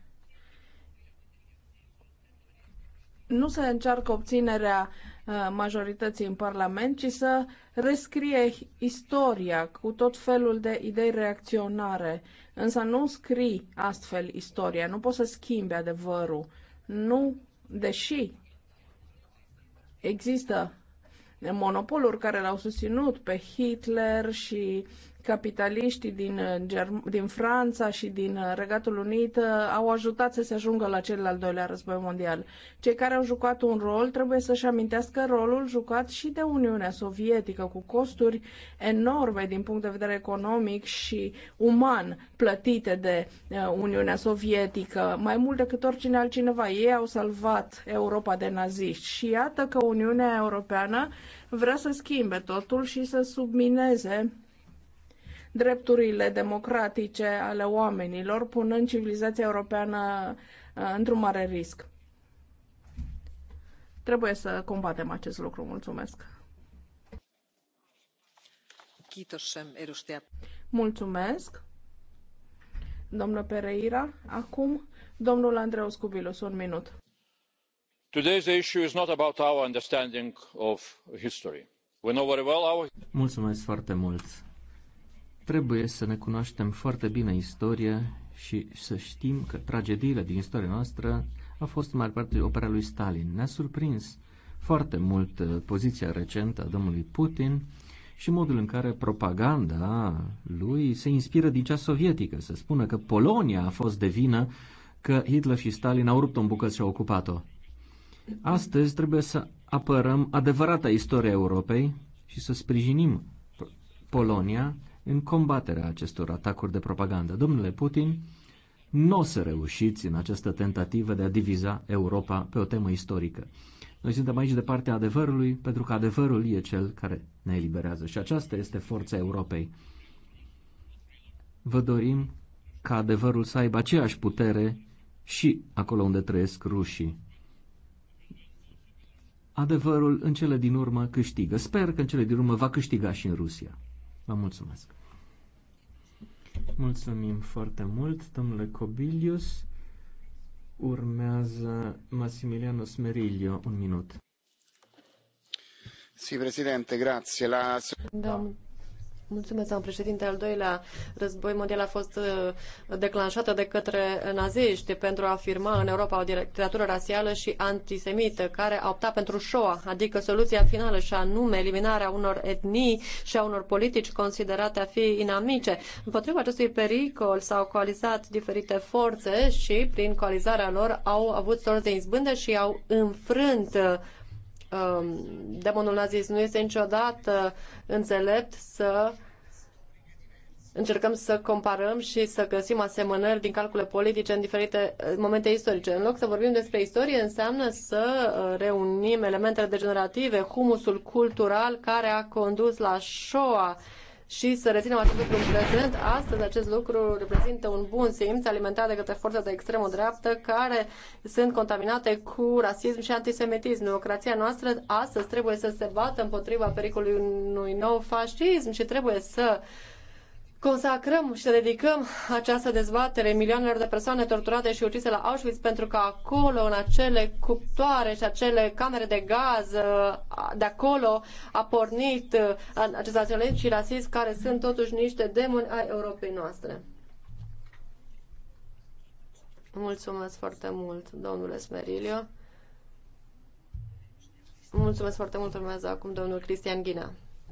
nu se încearcă obținerea uh, majorității în Parlament, ci să rescrie istoria cu tot felul de idei reacționare. Însă nu scrii astfel istoria, nu poți să schimbi adevărul. Nu, deși există monopoluri care l-au susținut pe Hitler și capitaliștii din, uh, din Franța și din uh, Regatul Unit uh, au ajutat să se ajungă la cel al doilea război mondial. Cei care au jucat un rol trebuie să-și amintească rolul jucat și de Uniunea Sovietică, cu costuri enorme din punct de vedere economic și uman plătite de Uniunea Sovietică, mai mult decât oricine altcineva. Ei au salvat Europa de naziști și iată că Uniunea Europeană vrea să schimbe totul și să submineze drepturile democratice ale oamenilor, punând civilizația europeană uh, într-un mare risc. Trebuie să combatem acest lucru. Mulțumesc! Mulțumesc, Domnul Pereira. Acum, domnul Andreu Scubilus, un minut. Today's issue is not about our understanding of history. We know very well our... Mulțumesc foarte mult. Trebuie să ne cunoaștem foarte bine istoria și să știm că tragediile din istoria noastră a fost mai parte opera lui Stalin. Ne-a surprins foarte mult uh, poziția recentă a domnului Putin și modul în care propaganda lui se inspiră din cea sovietică, să spună că Polonia a fost de vină că Hitler și Stalin au rupt-o în bucăți și au ocupat-o. Astăzi trebuie să apărăm adevărata istoria Europei și să sprijinim Polonia în combaterea acestor atacuri de propagandă. Domnule Putin, nu o să reușiți în această tentativă de a diviza Europa pe o temă istorică. Noi suntem aici de partea adevărului, pentru că adevărul e cel care ne eliberează și aceasta este forța Europei. Vă dorim ca adevărul să aibă aceeași putere și acolo unde trăiesc rușii. Adevărul în cele din urmă câștigă. Sper că în cele din urmă va câștiga și în Rusia. Vă mulțumesc. Mulțumim foarte mult, domnule Cobilius. Urmează Massimiliano Smeriglio, un minut. Sì, Presidente, grazie. La... Da. Mulțumesc, doamnă președinte. Al doilea război mondial a fost uh, declanșată de către naziști pentru a afirma în Europa o dictatură rasială și antisemită, care a optat pentru Shoah, adică soluția finală și anume eliminarea unor etnii și a unor politici considerate a fi inamice. Împotriva acestui pericol s-au coalizat diferite forțe și prin coalizarea lor au avut sorți de izbândă și au înfrânt Um, demonul nazism. Nu este niciodată înțelept să încercăm să comparăm și să găsim asemănări din calcule politice în diferite uh, momente istorice. În loc să vorbim despre istorie, înseamnă să uh, reunim elementele degenerative, humusul cultural care a condus la Shoah și să reținem acest lucru în prezent. Astăzi acest lucru reprezintă un bun simț alimentat de către forțe de extremă dreaptă care sunt contaminate cu rasism și antisemitism. Democrația noastră astăzi trebuie să se bată împotriva pericolului unui nou fascism și trebuie să uh, consacrăm și să dedicăm această dezbatere milioanelor de persoane torturate și ucise la Auschwitz, pentru că acolo, în acele cuptoare și acele camere de gaz, uh, de acolo a pornit uh, acest naționalism și rasism, care sunt totuși niște demoni ai Europei noastre. Mulțumesc foarte mult, domnule Smerilio. Mulțumesc foarte mult, urmează acum domnul Cristian Ghina.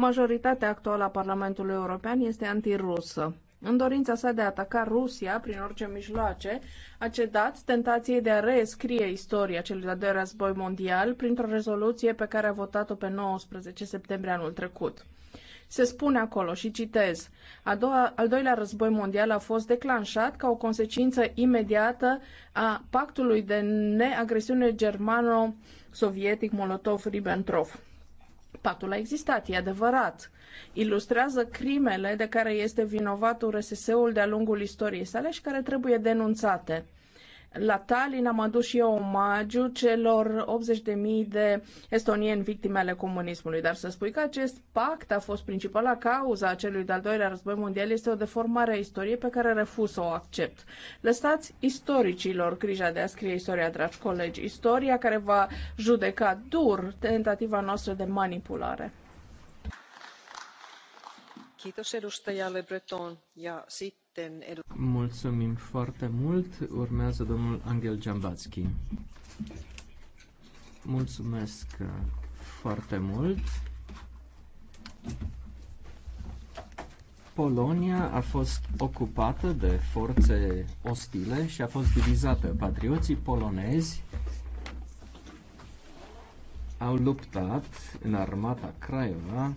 Majoritatea actuală a Parlamentului European este antirusă. În dorința sa de a ataca Rusia prin orice mijloace, a cedat tentației de a reescrie istoria celui de-al doilea război mondial printr-o rezoluție pe care a votat-o pe 19 septembrie anul trecut. Se spune acolo și citez, a doua, al doilea război mondial a fost declanșat ca o consecință imediată a pactului de neagresiune germano-sovietic Molotov-Ribbentrop. Patul a existat, e adevărat. Ilustrează crimele de care este vinovat URSS-ul de-a lungul istoriei sale și care trebuie denunțate. La Tallinn am adus și eu omagiu celor 80.000 de estonieni victime ale comunismului, dar să spui că acest pact a fost principala cauza acelui de-al doilea război mondial este o deformare a istoriei pe care refuz să o accept. Lăsați istoricilor grija de a scrie istoria, dragi colegi, istoria care va judeca dur tentativa noastră de manipulare. Mulțumim foarte mult. Urmează domnul Angel Giambatski. Mulțumesc uh, foarte mult. Polonia a fost ocupată de forțe ostile și a fost divizată. Patrioții polonezi au luptat în armata Craiova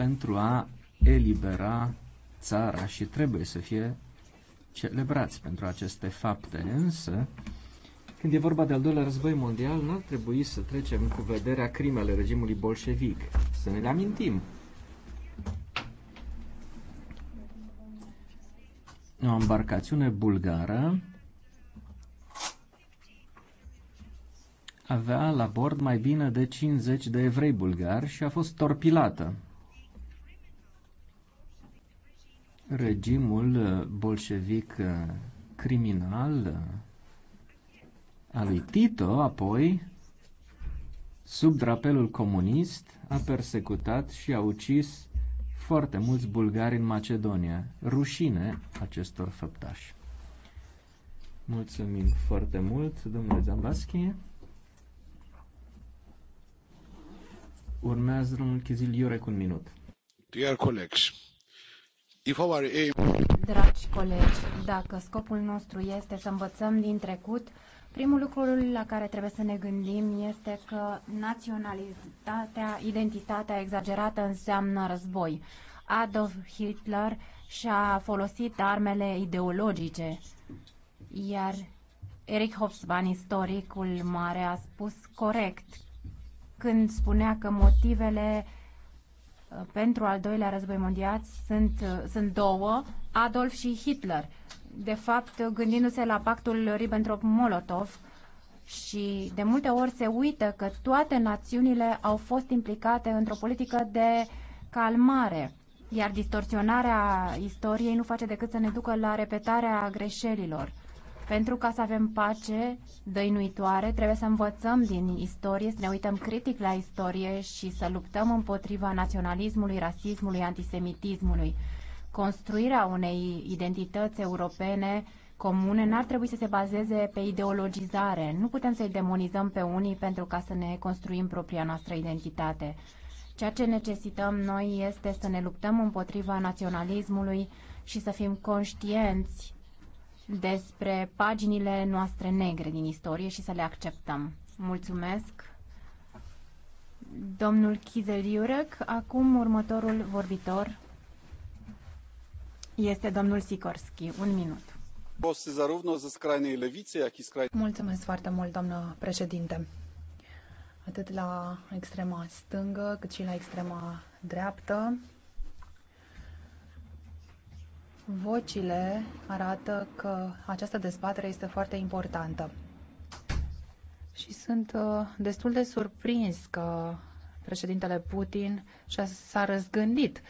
pentru a elibera țara și trebuie să fie celebrați pentru aceste fapte. Însă, când e vorba de al doilea război mondial, n-ar trebui să trecem cu vederea crimele regimului bolșevic. Să ne le amintim. O embarcațiune bulgară avea la bord mai bine de 50 de evrei bulgari și a fost torpilată regimul uh, bolșevic uh, criminal uh, al lui Tito, apoi, sub drapelul comunist, a persecutat și a ucis foarte mulți bulgari în Macedonia. Rușine acestor făptași. Mulțumim foarte mult, domnule Zambaschi. Urmează domnul Chizil Iurec un minut. Dear colleagues, Dragi colegi, dacă scopul nostru este să învățăm din trecut, primul lucru la care trebuie să ne gândim este că naționalitatea, identitatea exagerată înseamnă război. Adolf Hitler și-a folosit armele ideologice, iar Eric Hobsbawm, istoricul mare, a spus corect când spunea că motivele pentru al doilea război mondial sunt, sunt două, Adolf și Hitler. De fapt, gândindu-se la pactul Ribbentrop-Molotov, și de multe ori se uită că toate națiunile au fost implicate într-o politică de calmare, iar distorsionarea istoriei nu face decât să ne ducă la repetarea greșelilor. Pentru ca să avem pace dăinuitoare, trebuie să învățăm din istorie, să ne uităm critic la istorie și să luptăm împotriva naționalismului, rasismului, antisemitismului. Construirea unei identități europene comune n-ar trebui să se bazeze pe ideologizare. Nu putem să-i demonizăm pe unii pentru ca să ne construim propria noastră identitate. Ceea ce necesităm noi este să ne luptăm împotriva naționalismului și să fim conștienți despre paginile noastre negre din istorie și să le acceptăm. Mulțumesc! Domnul Kizel Iurec, acum următorul vorbitor este domnul Sikorski. Un minut. Mulțumesc foarte mult, doamnă președinte. Atât la extrema stângă, cât și la extrema dreaptă, Vocile arată că această dezbatere este foarte importantă. Și sunt uh, destul de surprins că președintele Putin s-a răzgândit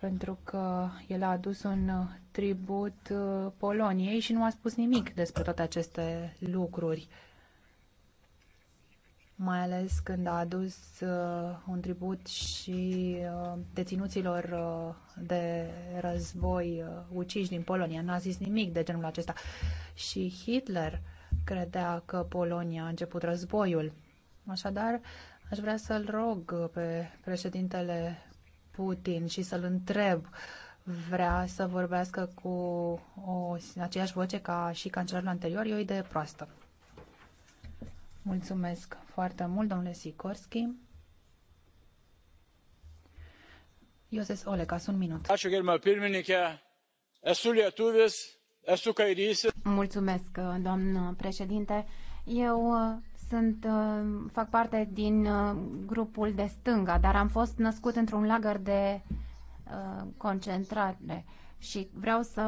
pentru că el a adus un uh, tribut uh, Poloniei și nu a spus nimic despre toate aceste lucruri mai ales când a adus uh, un tribut și uh, deținuților uh, de război uh, uciși din Polonia. N-a zis nimic de genul acesta. Și Hitler credea că Polonia a început războiul. Așadar, aș vrea să-l rog pe președintele Putin și să-l întreb vrea să vorbească cu o, aceeași voce ca și cancelarul anterior, e o idee proastă. Mulțumesc foarte mult, domnule Sikorski. Ioses Olekas, sunt minut. Ačiū, gerbiamą pirmininkę. Esu lietuvis, esu kairysis. Mulțumesc, domn președinte. Eu uh, sunt, uh, fac parte din uh, grupul de stânga, dar am fost născut într-un lagăr de concentrare și vreau să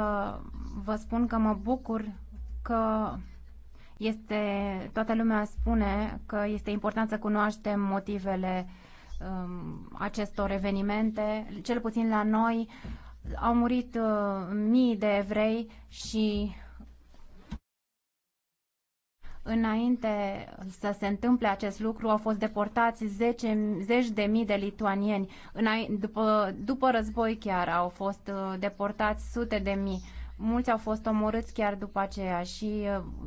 vă spun că mă bucur că este, toată lumea spune că este important să cunoaștem motivele um, acestor evenimente. Cel puțin la noi au murit uh, mii de evrei și înainte să se întâmple acest lucru, au fost deportați zece, zeci de mii de lituanieni. Înainte, după, după război chiar au fost uh, deportați sute de mii. Mulți au fost omorâți chiar după aceea și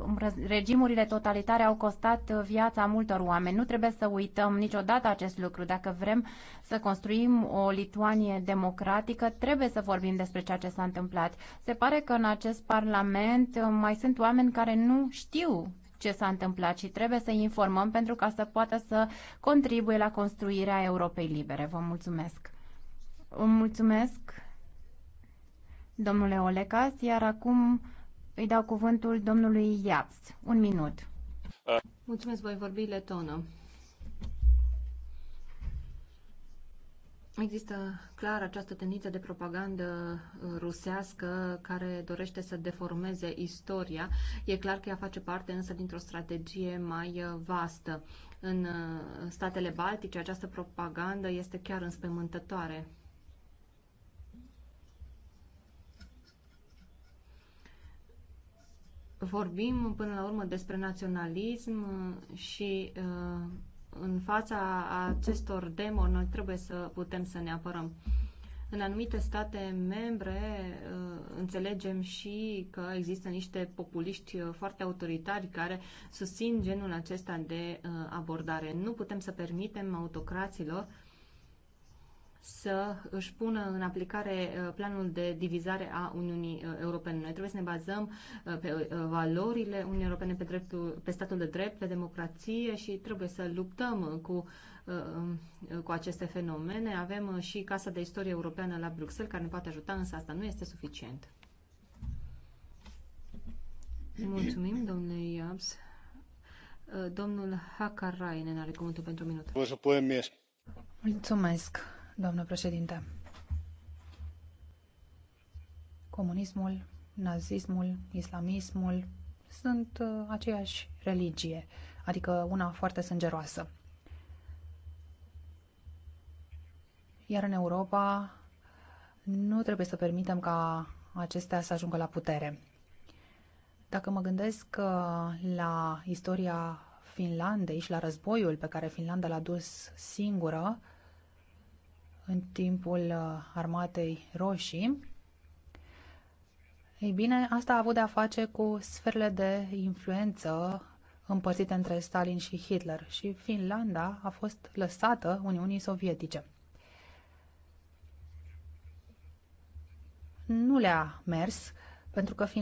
uh, regimurile totalitare au costat uh, viața multor oameni. Nu trebuie să uităm niciodată acest lucru. Dacă vrem să construim o Lituanie democratică, trebuie să vorbim despre ceea ce s-a întâmplat. Se pare că în acest parlament uh, mai sunt oameni care nu știu ce s-a întâmplat și trebuie să informăm pentru ca să poată să contribuie la construirea Europei libere. Vă mulțumesc! Îmi mulțumesc! domnule Olecas, iar acum îi dau cuvântul domnului Iaps. Un minut. Mulțumesc, voi vorbi letonă. Există clar această tendință de propagandă rusească care dorește să deformeze istoria. E clar că ea face parte însă dintr-o strategie mai vastă. În uh, statele baltice această propagandă este chiar înspemântătoare. vorbim până la urmă despre naționalism și uh, în fața acestor demoni noi trebuie să putem să ne apărăm. În anumite state membre uh, înțelegem și că există niște populiști uh, foarte autoritari care susțin genul acesta de abordare. Nu putem să permitem autocraților să își pună în aplicare uh, planul de divizare a Uniunii uh, Europene. Noi trebuie să ne bazăm uh, pe valorile Uniunii Europene, pe, dreptul, pe statul de drept, pe democrație și trebuie să luptăm cu, um, cu aceste fenomene. Avem și Casa de Istorie Europeană la Bruxelles care ne poate ajuta, însă asta nu este suficient. Mulțumim, [clears throat] domnule Iabs. Domnul Hakarainen are cuvântul pentru minut. Mulțumesc doamnă președinte. Comunismul, nazismul, islamismul sunt uh, aceeași religie, adică una foarte sângeroasă. Iar în Europa nu trebuie să permitem ca acestea să ajungă la putere. Dacă mă gândesc uh, la istoria Finlandei și la războiul pe care Finlanda l-a dus singură, în timpul uh, armatei roșii, ei bine, asta a avut de-a face cu sferele de influență împărțite între Stalin și Hitler și Finlanda a fost lăsată Uniunii Sovietice. Nu le-a mers pentru că Finlanda